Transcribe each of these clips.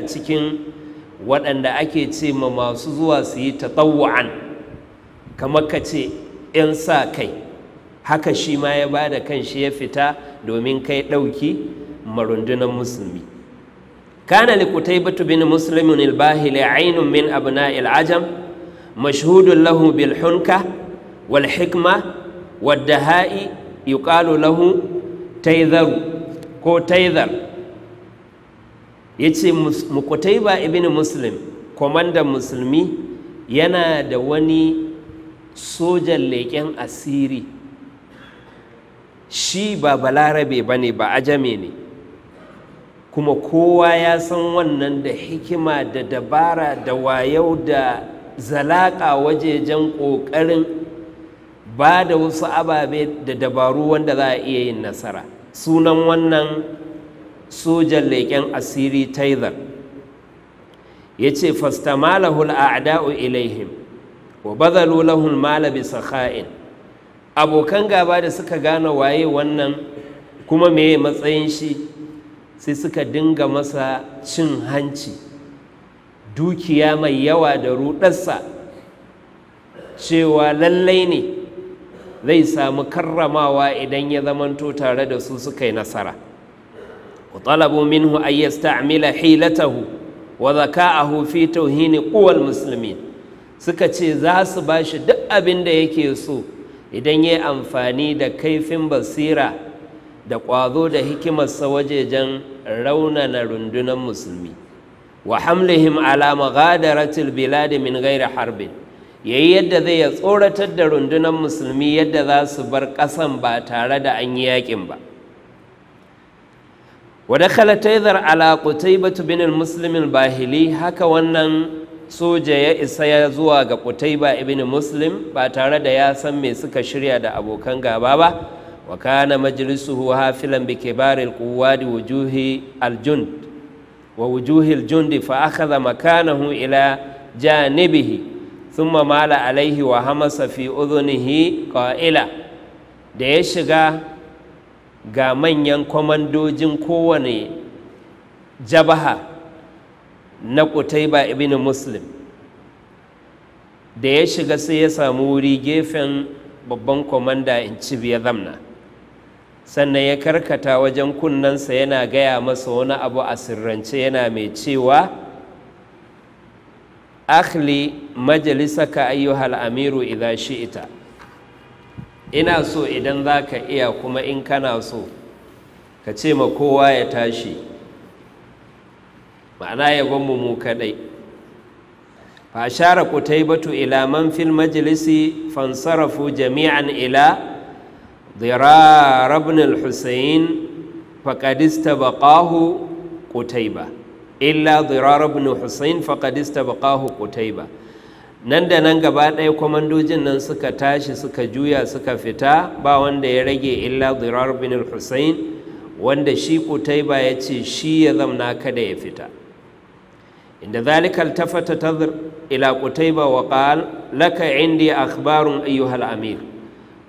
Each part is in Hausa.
a cikin waɗanda ake ce ma masu zuwa su yi tatawu'an kamar ka ce 'yan sa kai haka shi ma ya ba da kan shi ya fita domin kai ɗauki marundunan musulmi kana li batu bin muslimin al-bahili aynun min abna'il ajam mashhudun lahu bil hunka wal hikma wadda ha'i yuqalu lahu tayzaru ko tayzar ya ce mukutaiba ibn muslim kwamandan musulmi yana da wani sojan leƙen asiri shi ba balarabe ba ne ba ajame ne kuma kowa ya san wannan da hikima da dabara da wayau da zalaƙa wajejen ƙoƙarin ba da wasu ababe da dabaru wanda za a iya yin nasara sunan wannan sojan leƙen asiri taizar ya ce fastamalahul a'da'u ilaihim wa bazalu lahul mala bi sakha'in abokan gaba da suka gane waye wannan kuma me matsayin shi sai suka dinga masa cin hanci dukiya mai yawa da rudarsa cewa lallai ne zai samu karramawa idan ya zamanto tare da su suka yi nasara وطلبوا منه أن يستعمل حيلته وذكاءه في توهين قوى المسلمين suka ce za su ba shi duk abin da yake so idan ya amfani da kaifin basira da ƙwazo da hikimarsa wajejen raunana rundunar musulmi wa hamlihim ala maghadaratil bilad min ghairi harbin yayi yadda zai ya tsoratar da rundunar musulmi yadda za su bar ƙasan ba tare da an yi yakin ba wadakala taizar ala qutaybatu bin al-muslim al-bahili haka wannan soja ya isa ya zuwa ga ƙutaiba ibn muslim ba tare da ya san me suka shirya da abokan gaba ba wa kana majlisuhu hafilan bi kibari al-quwwadi wujuhi al-jund wa wujuhi al-jundi fa akhadha makanahu ila janibihi thumma mala alayhi wa hamasa fi udhunihi da ya shiga ga manyan kwamandojin kowane jabaha na kutaiba ibn muslim da ya shiga sai ya samu wuri gefen babban kwamanda in cibiya zamna sannan ya karkata wajen kunnansa yana gaya masa wani abu a sirrance yana mai cewa akhli majalisaka ayyuhal amiru idha shi'ita ina so idan za ka iya kuma in kana so ka ce ma kowa ya tashi ma'ana ya gwanmu mu kaɗai fa share ku ta yi batu ilaman fil majalisi fansarafu jami'an ila zira al-husayn faƙadista baƙahu ba illa zira faƙadista baƙahu ƙutaiba nan da nan gaba ɗaya kwamandojin nan suka tashi suka juya suka fita ba wanda ya rage illa zirar bin hussein wanda shi kutaiba ya ce shi ya zamna kada ya fita inda zalika altafata tazir ila kutaiba wa qal laka indi akhbarun ayyuhal amir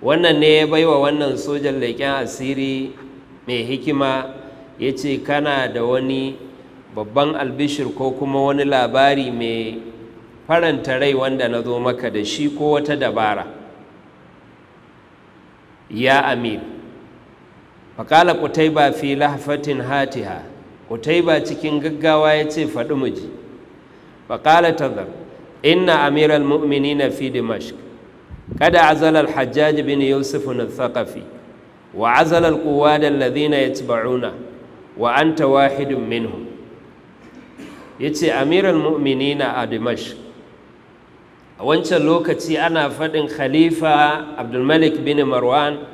wannan ne ya baiwa wannan sojan leƙen asiri mai hikima ya ce kana da wani babban albishir ko kuma wani labari mai faranta rai wanda na zo maka da shi ko wata dabara ya amir faƙala kutaiba fi lahafatin hatiha kutaiba cikin gaggawa ya ce faɗi miji faƙala tazar inna amiral mu'minina fi dimashq kada azalar hajjaj bin yusuf na thaqafi wa da quwad alladhina yatba'una wa anta wahidun minhum yace amiral mu'minina a dimashq a wancan lokaci ana faɗin khalifa abdulmalik bin marwan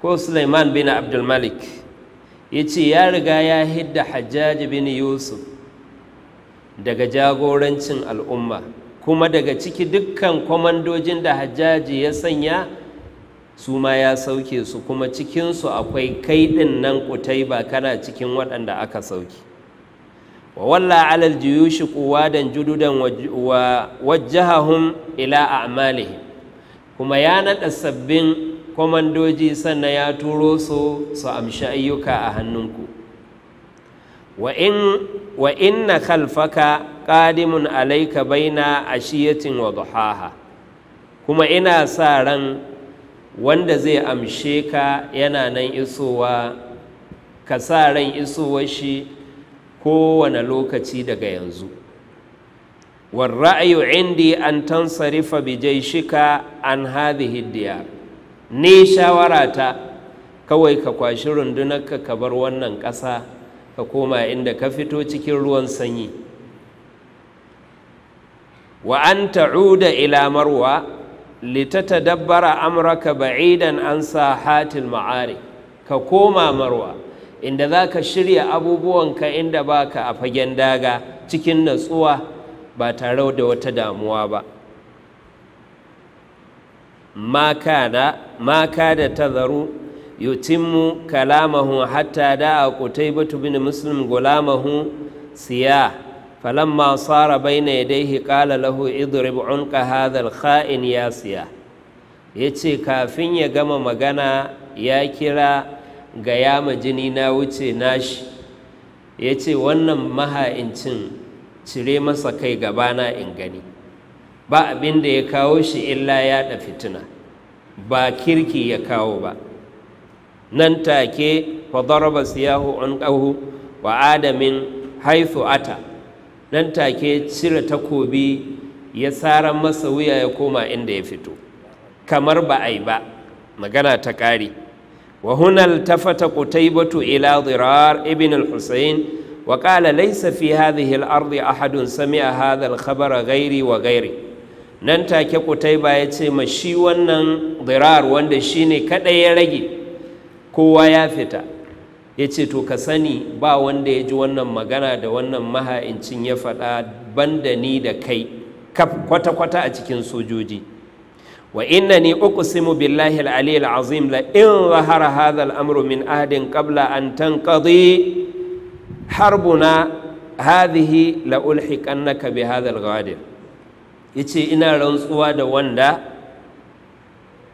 ko suleiman bin abdulmalik ya ce ya riga ya hidda hajjaji bin yusuf daga jagorancin al'umma kuma daga ciki dukkan kwamandojin da hajjaji ya sanya su ma ya sauke su kuma cikinsu akwai kaiɗin nan kutai ba kana cikin waɗanda aka sauke wa walla allal juyushi kowa don judo don ila a kuma ya naɗa sabbin kwamandoji sannan ya turo su amsa ayyuka a hannunku wa in na kalfa ka kadimun alaika baina a shi ya cin kuma ina sa ran wanda zai amshe ka na nan iso ka sa ran isowa shi. kowane lokaci daga yanzu ra'ayu indi an tansarifa bi shika an hadhihi diyar ni shawarata kawai ka kwashi rundunarka ka bar wannan ƙasa ka koma inda ka fito cikin ruwan sanyi wa an ta'uda ila marwa ta dabbara amurka ba'idan an sahatil ma'ari ka koma marwa inda za ka shirya abubuwanka inda ba ka a fagen daga cikin natsuwa ba tare da wata damuwa ba ma da tazaru yutimmu kalamahu hatta da da'a batu bin muslim gulamahu siya falamma sara bayna dai kala lahu idrib unqa hadha al-kha'in ya siya yace kafin ya gama magana ya kira ga yama jini na wuce nashi ya ce wannan maha'incin cire masa kai gabana in gani ba abin da ya kawo shi illa yaɗa fitina ba kirki ya kawo ba nan take fadaraba siyahu an ƙahu wa adamin haifu ata nan take cire takobi ya tsara masa wuya ya koma inda ya fito kamar ba a yi ba magana ta ƙari وهنا التفت قتيبة إلى ضرار ابن الحسين وقال ليس في هذه الأرض أحد سمع هذا الخبر غيري وغيري nan take kutaiba ya ce ma shi wannan dirar wanda shi ne kaɗai ya rage kowa ya fita ya ce to ka sani ba wanda ya ji wannan magana da wannan maha'incin ya faɗa banda ni da kai kwata-kwata a cikin sojoji wa innani uku billahi al-aliyyil azim la in zahara hadha al-amru min ahadin qabla an tanqadi harbuna hadhihi la ulhiqannaka bi hadha al-ghadir yace ina rantsuwa da wanda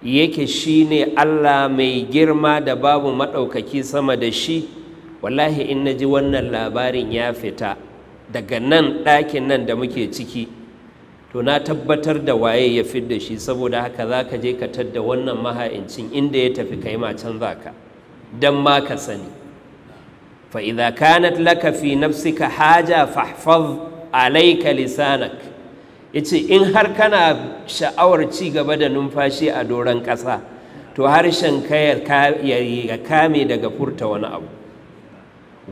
yake shine Allah mai girma da babu madaukaki sama da shi wallahi in ji wannan labarin ya fita daga nan ɗakin nan da muke ciki to na tabbatar da waye ya fi da shi saboda haka za ka je ka tadda wannan maha'incin inda ya tafi kai ma za ka don ma ka sani faiza idza kanat laka fi nafsika haja fahfaz alaika lisanak yace in har kana sha'awar ci gaba da numfashi a doron ƙasa to harshen ka ya kame daga furta wani abu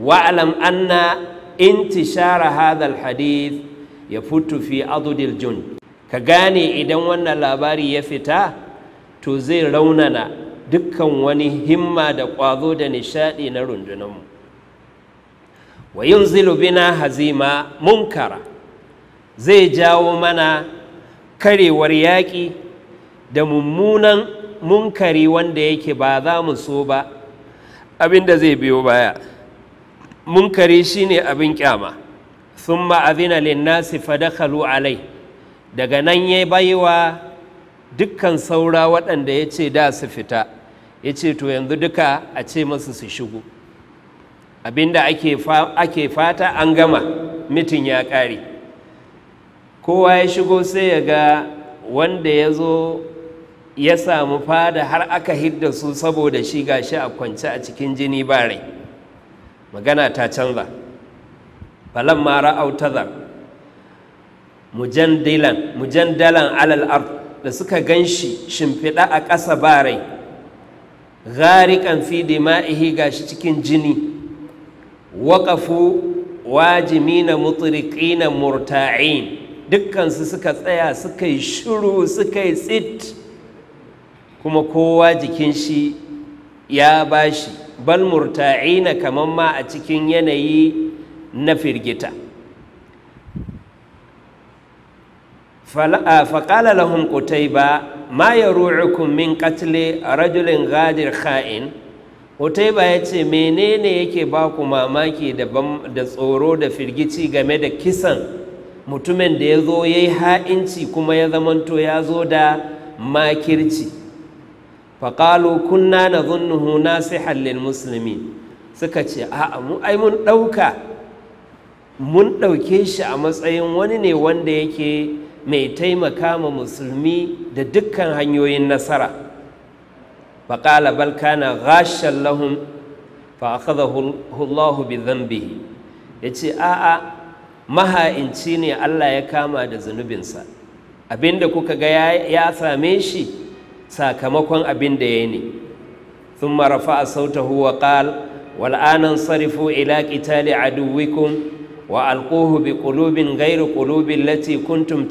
wa'lam anna intishara hadal alhadith ya futu fi adudil jun ka gane idan wannan labari ya fita to zai raunana dukkan wani himma da ƙwazo da nishaɗi na rundunanmu wa yin bina hazima munkara zai jawo mana karewar yaƙi da mummunan munkari wanda yake ba za mu so ba abinda zai biyo baya munkari shine abin kyama sun azina linnasi fadakhalu alai daga nan ya baiwa dukkan saura waɗanda ya ce da su fita ya ce to yanzu duka a ce masu su shigo abinda ake fata an gama mitin ya ƙare kowa ya shigo sai ya ga wanda ya zo ya samu fada har aka hidda su saboda shi gashi a kwance a cikin jini ba rai magana ta canza Balan mara autazar mujandilan mujandalan alal ard da suka gan shi shimfiɗa a ƙasa ba rai ghariqan fi dima'ihi gashi cikin jini waƙafu wajimina mutriqina murta'in dukkansu suka tsaya suka yi shiru suka yi tsit kuma kowa jikin shi ya bashi bal na kaman ma a cikin yanayi na firgita faƙala lahum ba ma yaru'ukum min qatli rajulin gadir kha'in qutayba yace menene yake ba ku mamaki da tsoro da firgici game da kisan mutumin da ya zo ya yi ha'inci kuma ya zamanto ya zo da makirci faƙalo kunna na sai hallin musulmi suka ce a'a mu ai mun ɗauka mun ɗauke shi a matsayin wani ne wanda yake mai taimaka ma musulmi da dukkan hanyoyin nasara faƙala balkana gashen lahun Hullahu bi zambihi ya ce a'a maha'inci ne Allah ya kama da zunubinsa abinda kuka ga ya same shi sakamakon abin da ya yi ne sun marafa a sautahu wa ƙal wal'anan sarifu ila ƙitali aduwikum wa alquhu bi qulubin ghairu qulubi allati kuntum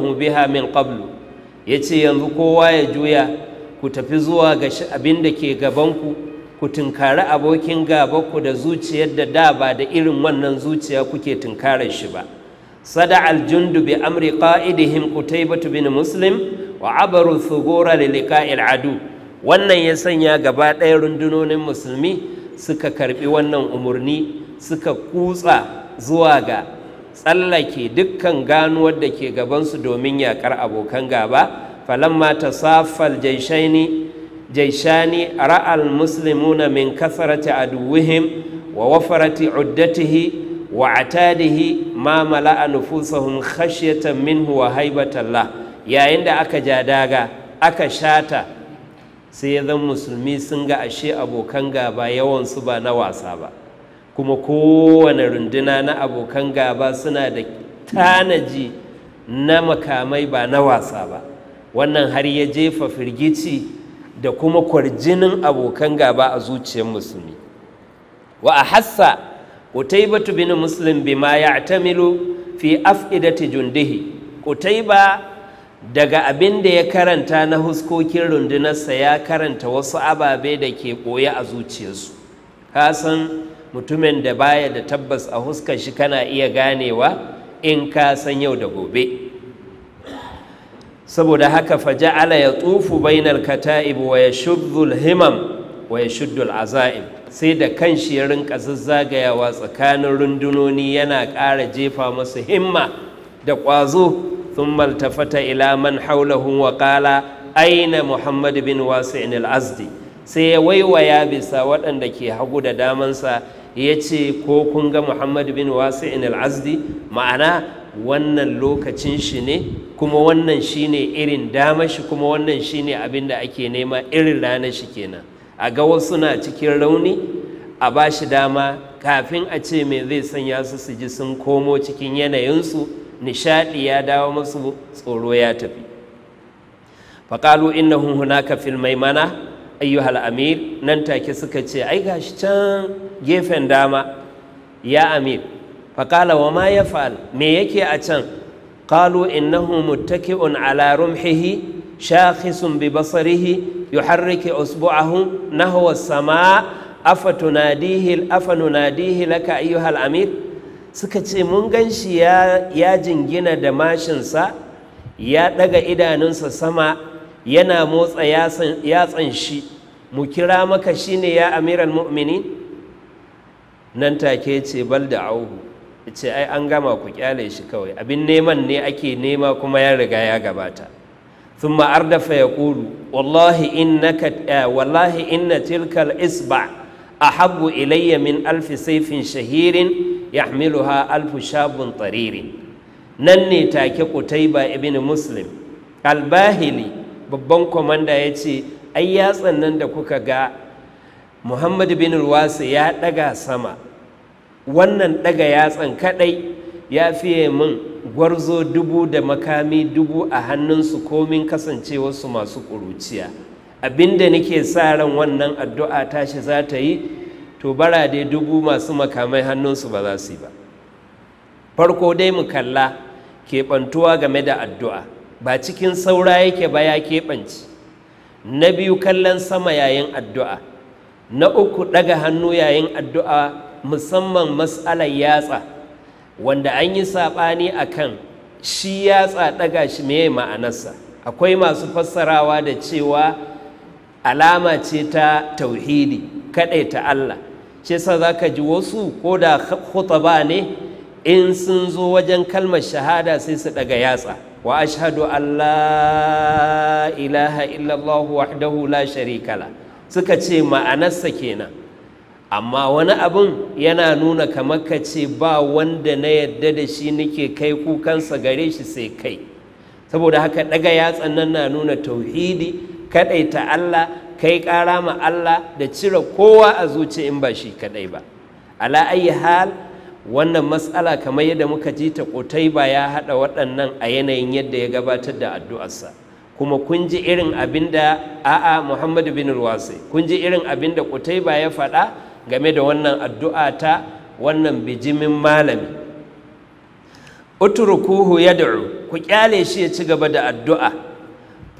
hu biha min qablu yace yanzu kowa ya juya ku tafi zuwa ga abin da ke gabanku ku tunkara abokin ku da zuciyar da da ba da irin wannan zuciya kuke tunkarar shi ba sada aljundu bi amri qa'idihim qutaybah bin muslim wa abaru thugura li adu wannan ya sanya gaba ɗaya rundunonin musulmi suka karbi wannan umarni suka kutsa zuwa ga tsallake dukkan ganuwar da ke gabansu domin yaƙar abokan gaba falamma ta safal jaishani ra'al muslimuna min kasarati aduwihim wa wafarati uddatihi wa atadihi ma mala'a nufusahum khashyatan minhu wa haibatallah yayin da aka ja daga aka shata sai ya zan musulmi sun ga ashe abokan gaba yawansu ba na wasa ba kuma kowane runduna na abokan gaba suna da tanaji na makamai ba na wasa ba wannan har ya jefa firgici da kuma kwarjinin abokan gaba a zuciyar musulmi wa a hassa utaibatu bin muslim bima ya fi af'idati jundihi utaiba daga abin da ya karanta na huskokin rundunarsa ya karanta wasu ababe da ke ɓoye a zuciyarsu ka san mutumin da baya da tabbas a huskar shi kana iya ganewa in ka san yau da gobe saboda haka faja ala ya tsufu bainar kata'ib wa ya shuddul himam wa ya shuddul aza'im sai da kan shi ya rinka zazzagayawa tsakanin rundunoni yana ƙara jefa masu himma da ƙwazo thumma altafata ila man haulahu wakala aina muhammad bin wasi'in al sai ya waiwaya bisa waɗanda ke hagu da daman sa ya ce ko kun ga muhammad bin wasi'in al ma'ana wannan lokacin shi ne kuma wannan shi ne irin dama shi kuma wannan shi ne abin da ake nema irin ranar shi kenan a ga wasu na cikin rauni a ba shi dama kafin a ce me zai sanya su su ji sun komo cikin yanayinsu nishaɗi ya dawo masu tsoro ya tafi faƙalu innahum hunaka fil maimana ayyuhal amir nan take suka ce ai gashi can gefen dama ya amir faƙala wa ma ya fa'al me yake a can qalu innahu muttaki'un ala rumhihi شاخص ببصره يحرك أصبعه نحو السماء أفتناديه أفنناديه لك ayyuhal amir. suka ce mun gan shi ya jingina da mashinsa ya daga idanunsa sama yana motsa yatsan shi mu kira maka shi ne ya amiran mu'mini nan take ce bal da auhu ce ai an gama ku kyale shi kawai abin neman ne ake nema kuma ya riga ya gabata ثم أردف ya والله إنك والله إن تلك الإصبع أحب إلي من ألف سيف شهير yahmiluha alfu shabun tariri nan ne take kutaiba ibn muslim albahili babban kwamanda ya ce ai yatsan nan da kuka ga muhammad bin wasu ya daga sama wannan ɗaga yatsan kadai ya fiye min gwarzo dubu da makami dubu a hannunsu komin kasancewarsu masu ƙuruciya abinda nake sa ran wannan addu'a tashi za ta yi to bara dai dubu masu makamai hannunsu ba za su yi ba farko dai mu kalla keɓantuwa game da addu'a ba cikin saura yake ba ya keɓanci na biyu kallon sama yayin addu'a na uku ɗaga hannu yayin addu'a musamman matsalar yatsa wanda an yi saɓani a kan shi yatsa ɗaga shi me ma'anarsa akwai masu fassarawa da cewa alama ce ta tauhidi ta Allah shi yasa ka ji wasu ko da ba ne in sun zo wajen kalmar shahada sai su daga yatsa wa ashadu an ilaha illallah wahdahu la sharika suka ce ma'anarsa kenan amma wani abin yana nuna kamar ka ce ba wanda na yadda da shi nake kai kukansa gare shi sai kai saboda haka daga yatsan nan na nuna tauhidi kaɗaita Allah kai ƙara ma Allah da cire kowa a zuci in ba shi kaɗai ba ala ayi hal wannan matsala kamar yadda muka ji ta kotai ba ya haɗa waɗannan a yanayin yadda ya gabatar da addu'arsa kuma kun ji irin abin da a'a muhammadu bin ruwasi kun ji irin abin da kotai ba ya faɗa game da wannan addu'a ta wannan bijimin malami ya yad'u ku kyale shi ya ci gaba da addu'a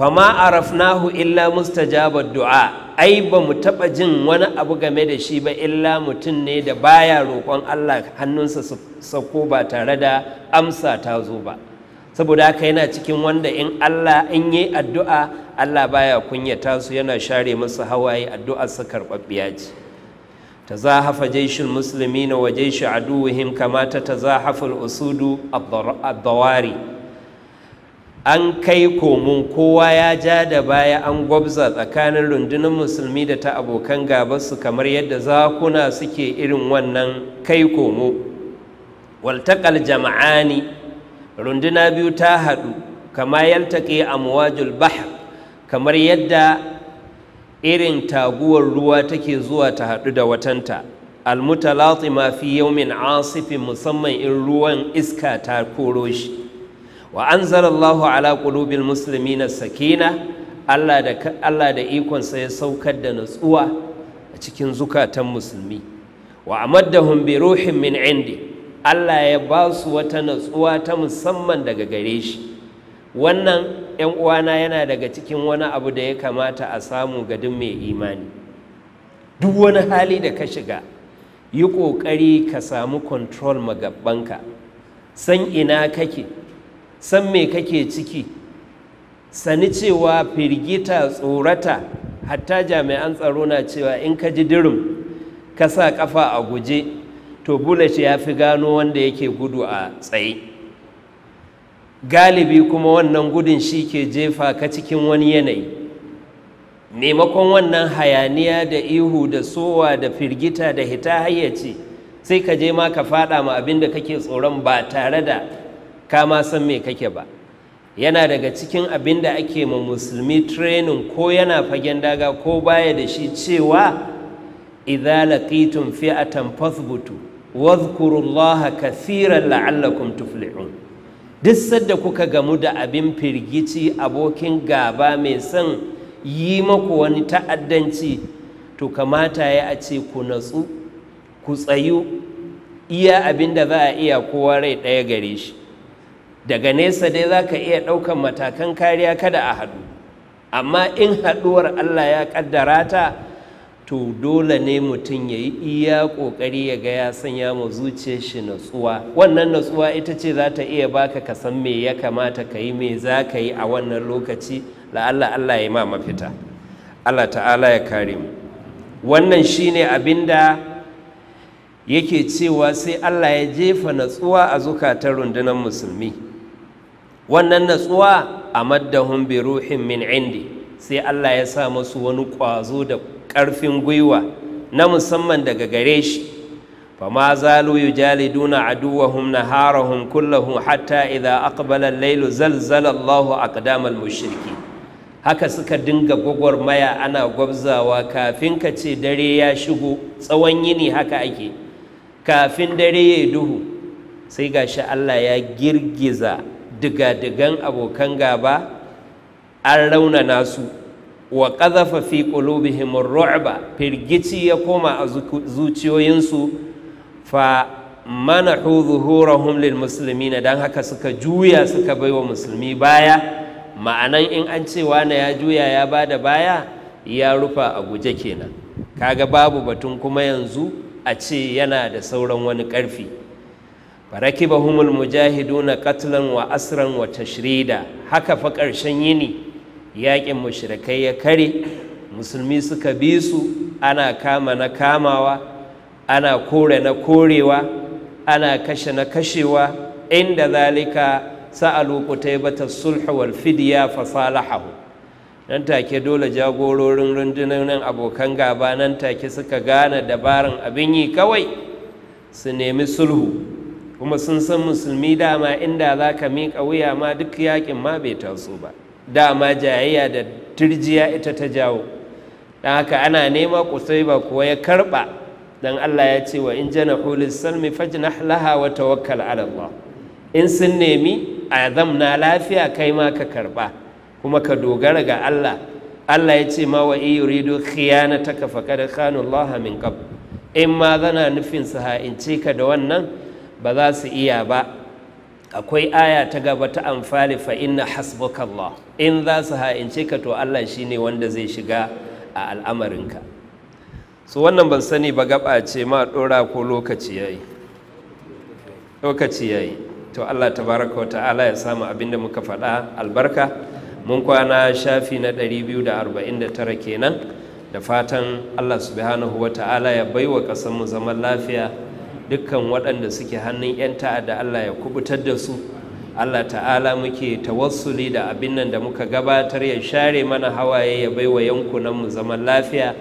fama arafnahu illa mustajaba du'a ai ba mu taɓa jin wani abu game da shi ba illa mutum ne da baya roƙon Allah hannunsa sauko ba tare da amsa ta zo ba saboda haka yana cikin wanda in Allah in yi addu'a Allah baya kunyata su yana share musu hawaye addu'ar su karɓaɓɓiya ce tazahafa jaishul muslimina wa jaishu aduwihim kamata ta tazahaful usudu ad-dawari an kai komun kowa ya ja da baya an gwabza tsakanin rundunar musulmi da ta abokan gabansu kamar yadda zakuna suke irin wannan kai komo waltakal jama'ani runduna biyu ta haɗu kama a amwajul bahr kamar yadda irin taguwar ruwa take zuwa ta haɗu da watanta almutalatima fi yaumin asifin musamman in ruwan iska ta koro shi wa anzalallahu ala qulubil muslimina sakina Allah da Allah da ikonsa ya saukar da natsuwa a cikin zukatan musulmi wa amaddahum bi ruhin min indi Allah ya ba su wata natsuwa ta musamman daga gare shi wannan 'yan uwana yana daga cikin wani abu da ya kamata a samu ga duk mai imani duk wani hali da ka shiga yi ƙoƙari ka samu control magabbanka san ina kake san me kake ciki sani cewa firgita tsorata hatta jami'an tsaro na cewa in ka ji dirim ka sa kafa a guje to bullet ya fi gano wanda yake gudu a tsaye galibi kuma wannan gudun shi ke jefa ka cikin wani yanayi maimakon wannan hayaniya da ihu da sowa da firgita da hita hayyaci sai ka je ma ka fada ma abinda kake tsoron ba tare da ka ma san me kake ba yana daga cikin abin da ake ma musulmi training ko yana fagen daga ko baya da shi cewa idza laqitum fi'atan fathbutu wadhkurullaha kathiran la'allakum tuflihun duk sadda kuka gamu da abin firgici abokin gaba mai son yi maku wani ta'addanci to kamata ya a ce ku natsu ku tsayu iya abin da za a iya kowa rai ɗaya gare shi daga nesa dai za ka iya ɗaukan matakan kariya kada a haɗu amma in haɗuwar allah ya ƙaddara ta to dole ne mutum ya yi iya ƙoƙari ya ga ya sanya mu zuciyar shi natsuwa wannan natsuwa ita ce za ta iya baka ka san me ya kamata ka yi me za ka yi a wannan lokaci la'alla allah ya yi ma mafita allah ta'ala ya kare mu wannan shine abin da yake cewa sai allah ya jefa natsuwa a zukatan rundunar musulmi wannan natsuwa a maddahun bi ruhin min indi sai Allah ya sa masu wani ƙwazo da ƙarfin gwiwa na musamman daga gare shi fama zalu yujaliduna aduwahum naharahum kullahum hatta idza aqbala al-laylu zalzala Allahu aqdamal mushriki haka suka dinga gwagwarmaya ana gwabzawa kafin ka ce dare ya shigo tsawon yini haka ake kafin dare ya duhu sai gashi Allah ya girgiza digadigan abokan gaba an raunana su wa ƙazafa fi qulubihim ru'ba firgici ya koma a zuciyoyinsu fa manahu zuhurahum lil na. don haka suka juya suka baiwa musulmi baya ma'anan in an ce wane ya juya ya ba da baya ya rufa a guje kenan kaga babu batun kuma yanzu a ce yana da sauran wani ƙarfi Mujahidu mujahiduna katlan wa asran wa tashrida haka fa ƙarshen yini yaƙin mushrikai ya kare musulmi suka bi su ana kama na kamawa ana kore na korewa ana kashe na kashewa inda zalika sa'alu qutaybata sulh wal fidya fa salahahu nan take dole jagororin rundunan abokan gaba nan take suka gane dabaran abin yi kawai su nemi sulhu kuma sun san musulmi dama inda za ka miƙa wuya ma duk yakin ma bai taso ba dama jayayya da turjiya ita ta jawo don haka ana nema kusai ba kuwa ya karɓa don Allah ya ce wa in jana hulis salmi fajnah laha wa tawakkal ala Allah in sun nemi a na lafiya kai ma ka karɓa kuma ka dogara ga Allah Allah ya ce ma wa in yuridu kafa kada kanun Allah min qabl in ma zana nufin su ha'ince ka da wannan ba za su iya ba akwai aya ta gaba ta amfani fa inna hasbukallah in za su ha'ince ka to Allah shi ne wanda zai shiga a al'amarinka so wannan ban sani ba gaba ce ma dora ko lokaci yayi lokaci yayi to Allah tabaraka wa ta'ala ya samu abinda muka faɗa albarka mun kwana shafi na 249 kenan da fatan Allah subhanahu wa ta'ala ya baiwa ƙasar zaman lafiya dukkan waɗanda suke hannun 'yan ta'adda Allah ya kubutar da su Allah ta'ala muke tawassuli da abin nan da muka gabatar ya share mana hawaye ya baiwa yankunanmu zaman lafiya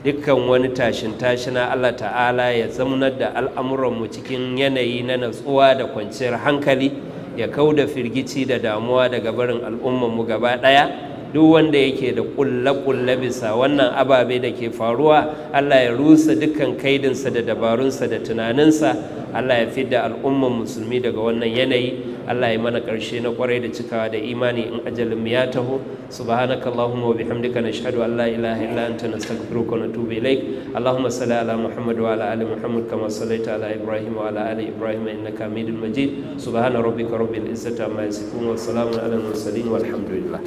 dukkan wani tashin tashina Allah ta'ala ya zaunar da al'amuranmu cikin yanayi na natsuwa da kwanciyar hankali ya kau da firgici da damuwa daga barin al'ummanmu gaba ɗaya duk wanda yake da kulle-kulle bisa wannan ababe da ke faruwa Allah ya rusa dukkan kaidinsa da dabarunsa da tunaninsa Allah ya fi da al'umman musulmi daga wannan yanayi Allah ya mana ƙarshe na kwarai da cikawa da imani in ajalin ya taho subhanaka allahumma wa bihamdika nashhadu an la ilaha illa anta nastaghfiruka wa natubu ilaik allahumma salli ala muhammad wa ala ali muhammad kama sallaita ala ibrahim wa ala ali ibrahim innaka hamidul majid subhana rabbika rabbil izzati amma yasifun wa salamun ala al mursalin walhamdulillah